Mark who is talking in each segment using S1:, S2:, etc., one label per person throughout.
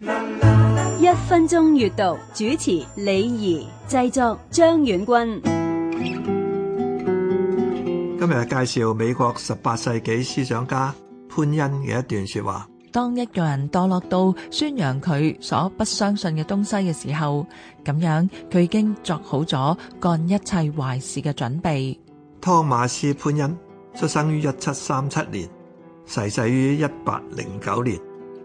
S1: 一分鐘閱讀主持李儀製作張
S2: 遠軍。
S1: 今日介紹美國十八世紀思想家潘恩嘅一段說話：
S2: 當一個人墮落到宣揚佢所不相信嘅東西嘅時候，咁樣佢已經做好咗幹一切壞事嘅準備。
S1: 托馬斯潘恩出生於一七三七年，逝世於一八零九年，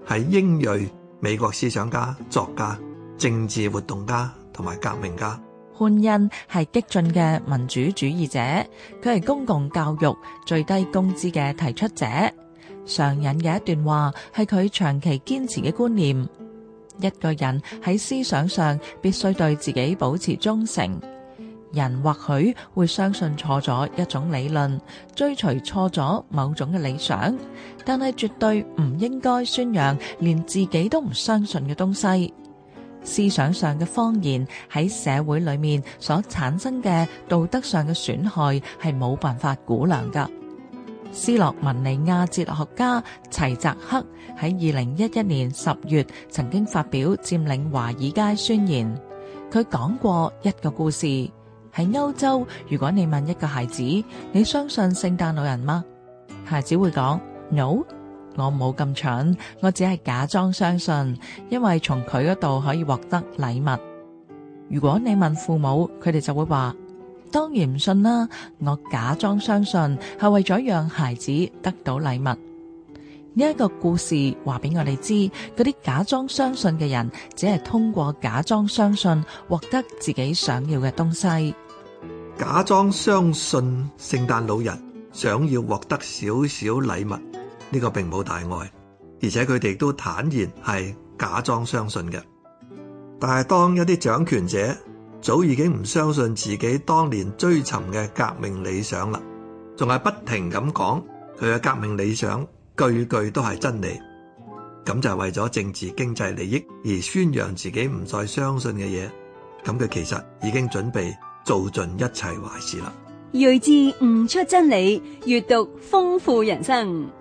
S1: 係英裔。美國思想家、作家、政治活動家同埋革命家，
S2: 潘恩係激進嘅民主主義者，佢係公共教育、最低工資嘅提出者。常引嘅一段話係佢長期堅持嘅觀念：一個人喺思想上必須對自己保持忠誠。人或許會相信錯咗一種理論，追隨錯咗某種嘅理想，但係絕對唔應該宣揚連自己都唔相信嘅東西。思想上嘅謊言喺社會裏面所產生嘅道德上嘅損害係冇辦法估量㗎。斯洛文尼亞哲學家齊澤克喺二零一一年十月曾經發表《佔領華爾街》宣言，佢講過一個故事。喺歐洲，如果你問一個孩子，你相信聖誕老人嗎？孩子會講，No，我冇咁蠢，我只係假裝相信，因為從佢嗰度可以獲得禮物。如果你問父母，佢哋就會話，當然唔信啦，我假裝相信，係為咗讓孩子得到禮物。呢一個故事話俾我哋知，嗰啲假裝相信嘅人，只係通過假裝相信獲得自己想要嘅東西。
S1: 假裝相信聖誕老人，想要獲得少少禮物，呢個並冇大礙，而且佢哋都坦然係假裝相信嘅。但係當一啲掌權者早已經唔相信自己當年追尋嘅革命理想啦，仲係不停咁講佢嘅革命理想，句句都係真理，咁就係為咗政治經濟利益而宣揚自己唔再相信嘅嘢，咁佢其實已經準備做盡一切壞事啦。睿智悟出真理，閱讀豐富人生。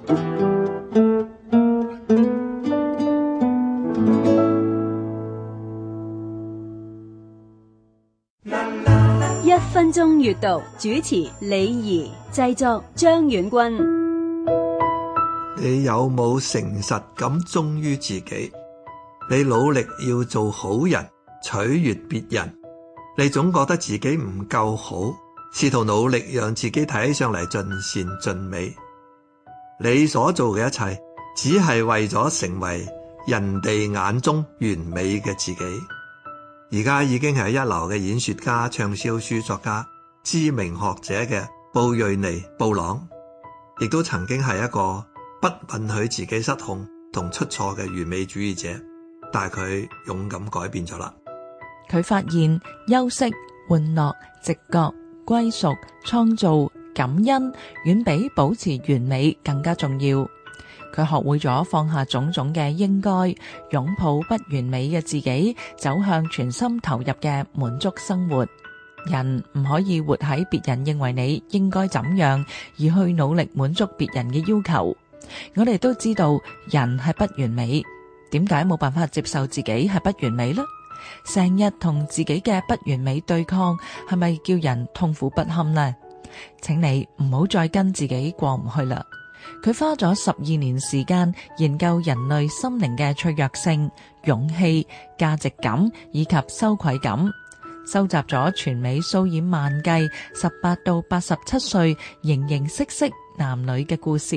S1: 一分鐘閱讀，主持李怡，製作張遠軍。你有冇誠實咁忠於自己？你努力要做好人，取悦別人，你總覺得自己唔夠好，試圖努力讓自己睇上嚟，盡善盡美。你所做嘅一切只係為咗成為人哋眼中完美嘅自己。而家已經係一流嘅演說家、暢銷書作家、知名學者嘅布瑞尼·布朗，亦都曾經係一個。不允許自己失控同出錯嘅完美主義者，但係佢勇敢改變咗啦。
S2: 佢發現休息、玩樂、直覺、歸屬、創造、感恩，遠比保持完美更加重要。佢學會咗放下種種嘅應該，擁抱不完美嘅自己，走向全心投入嘅滿足生活。人唔可以活喺別人認為你應該怎樣而去努力滿足別人嘅要求。我哋都知道人係不完美，點解冇辦法接受自己係不完美呢？成日同自己嘅不完美對抗，係咪叫人痛苦不堪呢？請你唔好再跟自己過唔去啦。佢花咗十二年時間研究人類心靈嘅脆弱性、勇氣、價值感以及羞愧感，收集咗全美數以萬計十八到八十七歲形形色色男女嘅故事。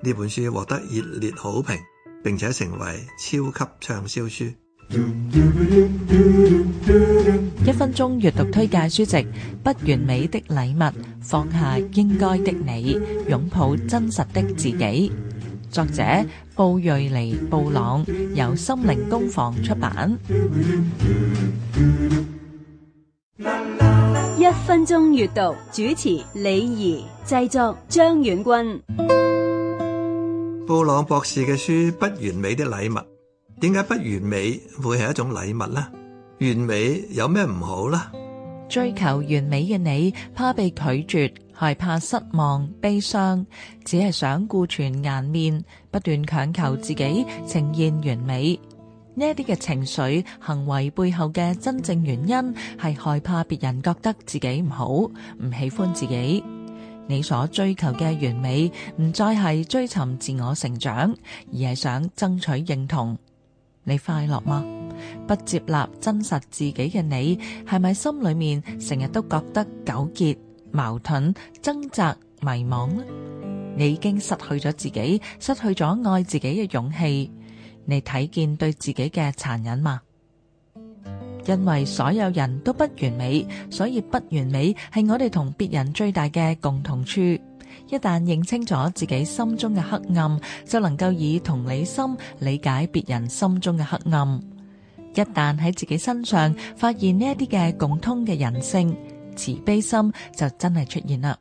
S1: 呢本書獲得熱烈好評，並且成為超級暢銷書。
S2: 一分鐘閱讀推介書籍：《不完美的禮物》，放下應該的你，擁抱真實的自己。作者布瑞尼布朗，由心靈工房出版。一
S1: 分鐘閱讀主持李儀，製作張遠軍。布朗博士嘅書《不完美的禮物》，點解不完美會係一種禮物咧？完美有咩唔好咧？
S2: 追求完美嘅你，怕被拒絕，害怕失望、悲傷，只係想顧全顏面，不斷強求自己呈現完美。呢一啲嘅情緒、行為背後嘅真正原因，係害怕別人覺得自己唔好，唔喜歡自己。你所追求嘅完美，唔再係追尋自我成長，而係想爭取認同。你快樂嗎？不接納真實自己嘅你，係咪心裏面成日都覺得糾結、矛盾、掙扎、迷茫呢？你已經失去咗自己，失去咗愛自己嘅勇氣。你睇見對自己嘅殘忍嗎？因為所有人都不完美，所以不完美係我哋同別人最大嘅共同處。一旦認清咗自己心中嘅黑暗，就能夠以同理心理解別人心中嘅黑暗。一旦喺自己身上發現呢一啲嘅共通嘅人性，慈悲心就真係出現啦。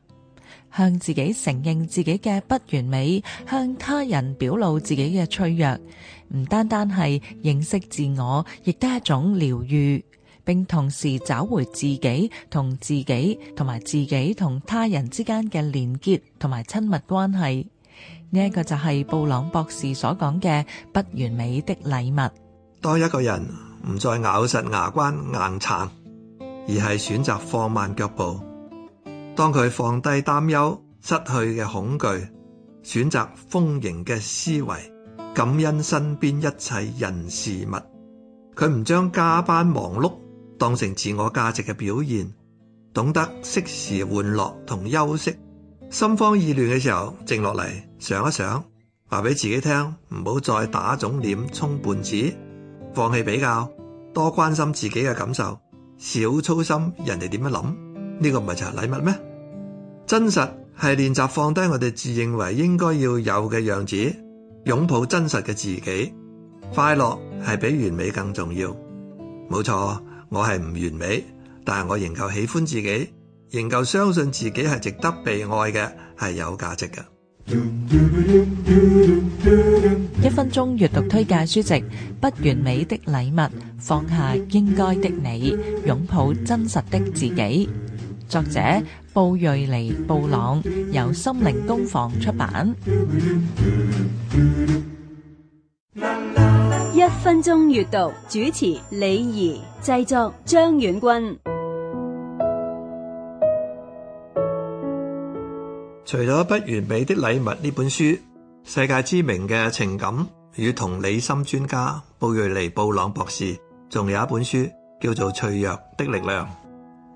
S2: 向自己承認自己嘅不完美，向他人表露自己嘅脆弱，唔單單係認識自我，亦都係一種療愈，並同時找回自己同自己同埋自己同他人之間嘅連結同埋親密關係。呢一個就係布朗博士所講嘅不完美的禮物。當一個
S1: 人唔再咬實牙關硬撐，而係選擇放慢腳步。當佢放低擔憂、失去嘅恐懼，選擇豐盈嘅思維，感恩身邊一切人事物，佢唔將加班忙碌當成自我價值嘅表現，懂得適時玩樂同休息。心慌意亂嘅時候，靜落嚟想一想，話俾自己聽，唔好再打腫臉充胖子，放棄比較，多關心自己嘅感受，少操心人哋點樣諗。呢個唔係就係禮物咩？真實係練習放低我哋自認為應該要有嘅樣子，擁抱真實嘅自己。快樂係比完美更重要。冇錯，我係唔完美，但係我仍舊喜歡自己，仍舊相信自己係值得被愛嘅，係有價值嘅。
S2: 一分鐘閱讀推介書籍《不完美的禮物》，放下應該的你，擁抱真實的自己。作者布瑞尼布朗由心靈工房出版，一分鐘閱讀
S1: 主持李儀，製作張遠軍。除咗《不完美的禮物》呢本書，世界知名嘅情感與同理心專家布瑞尼布朗博士，仲有一本書叫做《脆弱的力量》。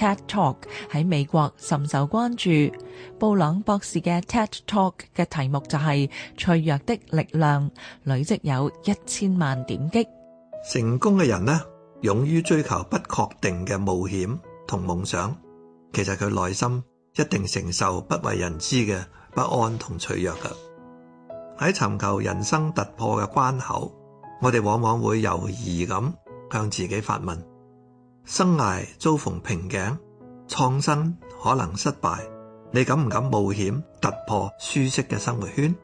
S2: TED Talk 喺美國甚受關注，布朗博士嘅 TED Talk 嘅題目就係脆弱的力量，累積有一千萬點擊。
S1: 成功嘅人呢，勇於追求不確定嘅冒險同夢想，其實佢內心一定承受不為人知嘅不安同脆弱嘅。喺尋求人生突破嘅關口，我哋往往會猶豫咁向自己發問。生涯遭逢瓶頸，創新可能失敗，你敢唔敢冒險突破舒適嘅生活圈？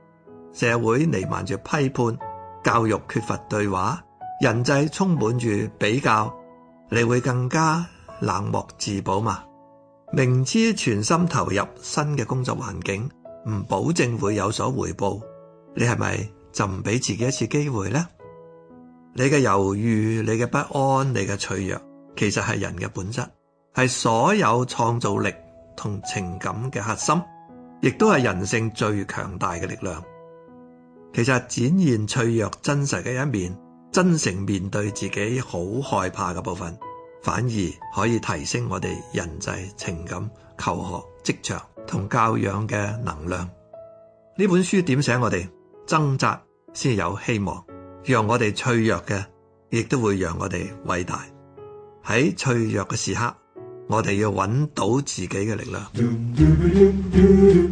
S1: 社會彌漫住批判，教育缺乏對話，人際充滿住比較，你會更加冷漠自保嘛？明知全心投入新嘅工作環境，唔保證會有所回報，你係咪就唔俾自己一次機會呢？你嘅猶豫，你嘅不安，你嘅脆弱。其實係人嘅本質，係所有創造力同情感嘅核心，亦都係人性最強大嘅力量。其實展現脆弱真實嘅一面，真誠面對自己好害怕嘅部分，反而可以提升我哋人際情感、求學、職場同教養嘅能量。呢本書點醒我哋，掙扎先有希望，讓我哋脆弱嘅，亦都會讓我哋偉大。喺脆弱嘅時刻，我哋要揾到自己嘅力量。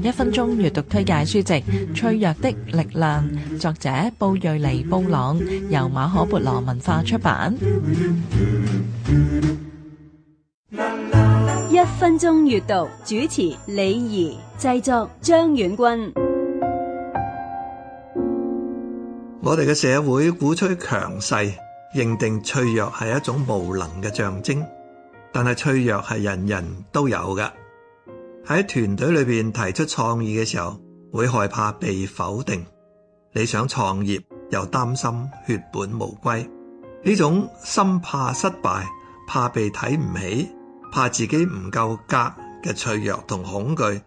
S2: 一分鐘閱讀推介書籍《脆弱的力量》，作者布瑞尼布朗，由馬可勃羅文化出版。一分鐘閱讀主持李儀，
S1: 製作張遠軍。我哋嘅社會鼓吹強勢。認定脆弱係一種無能嘅象徵，但係脆弱係人人都有嘅。喺團隊裏邊提出創意嘅時候，會害怕被否定；你想創業又擔心血本無歸，呢種心怕失敗、怕被睇唔起、怕自己唔夠格嘅脆弱同恐懼，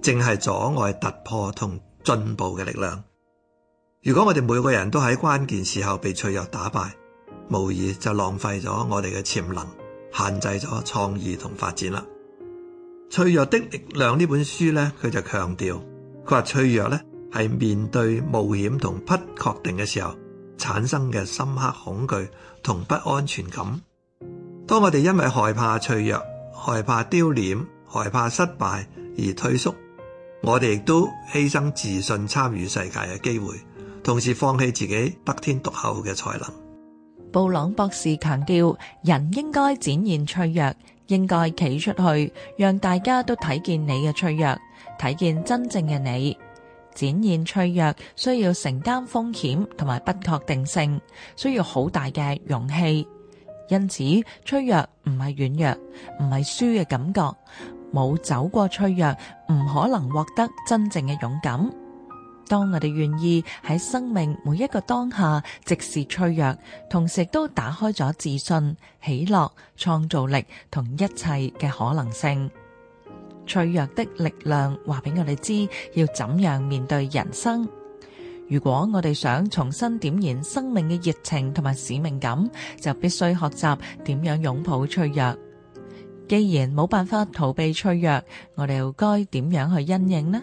S1: 正係阻礙突破同進步嘅力量。如果我哋每個人都喺關鍵時候被脆弱打敗，無疑就浪費咗我哋嘅潛能，限制咗創意同發展啦。脆弱的力量呢本書呢，佢就強調佢話脆弱呢，係面對冒險同不確定嘅時候產生嘅深刻恐懼同不安全感。當我哋因為害怕脆弱、害怕丟臉、害怕失敗而退縮，我哋亦都犧牲自信參與世界嘅機會，同時放棄自己得天獨厚嘅才能。
S2: 布朗博士強調，人應該展現脆弱，應該企出去，讓大家都睇見你嘅脆弱，睇見真正嘅你。展現脆弱需要承擔風險同埋不確定性，需要好大嘅勇氣。因此，脆弱唔係軟弱，唔係輸嘅感覺。冇走過脆弱，唔可能獲得真正嘅勇敢。當我哋願意喺生命每一個當下直視脆弱，同時都打開咗自信、喜樂、創造力同一切嘅可能性，脆弱的力量話俾我哋知要怎樣面對人生。如果我哋想重新點燃生命嘅熱情同埋使命感，就必須學習點樣擁抱脆弱。既然冇辦法逃避脆弱，我哋又該點樣去因應呢？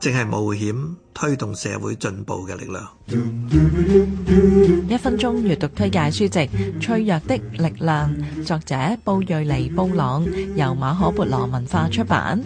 S1: 正係冒險推動社會進步嘅力量。
S2: 一分鐘閱讀推介書籍《脆弱的力量》，作者布瑞尼布朗，由馬可孛羅文化出版。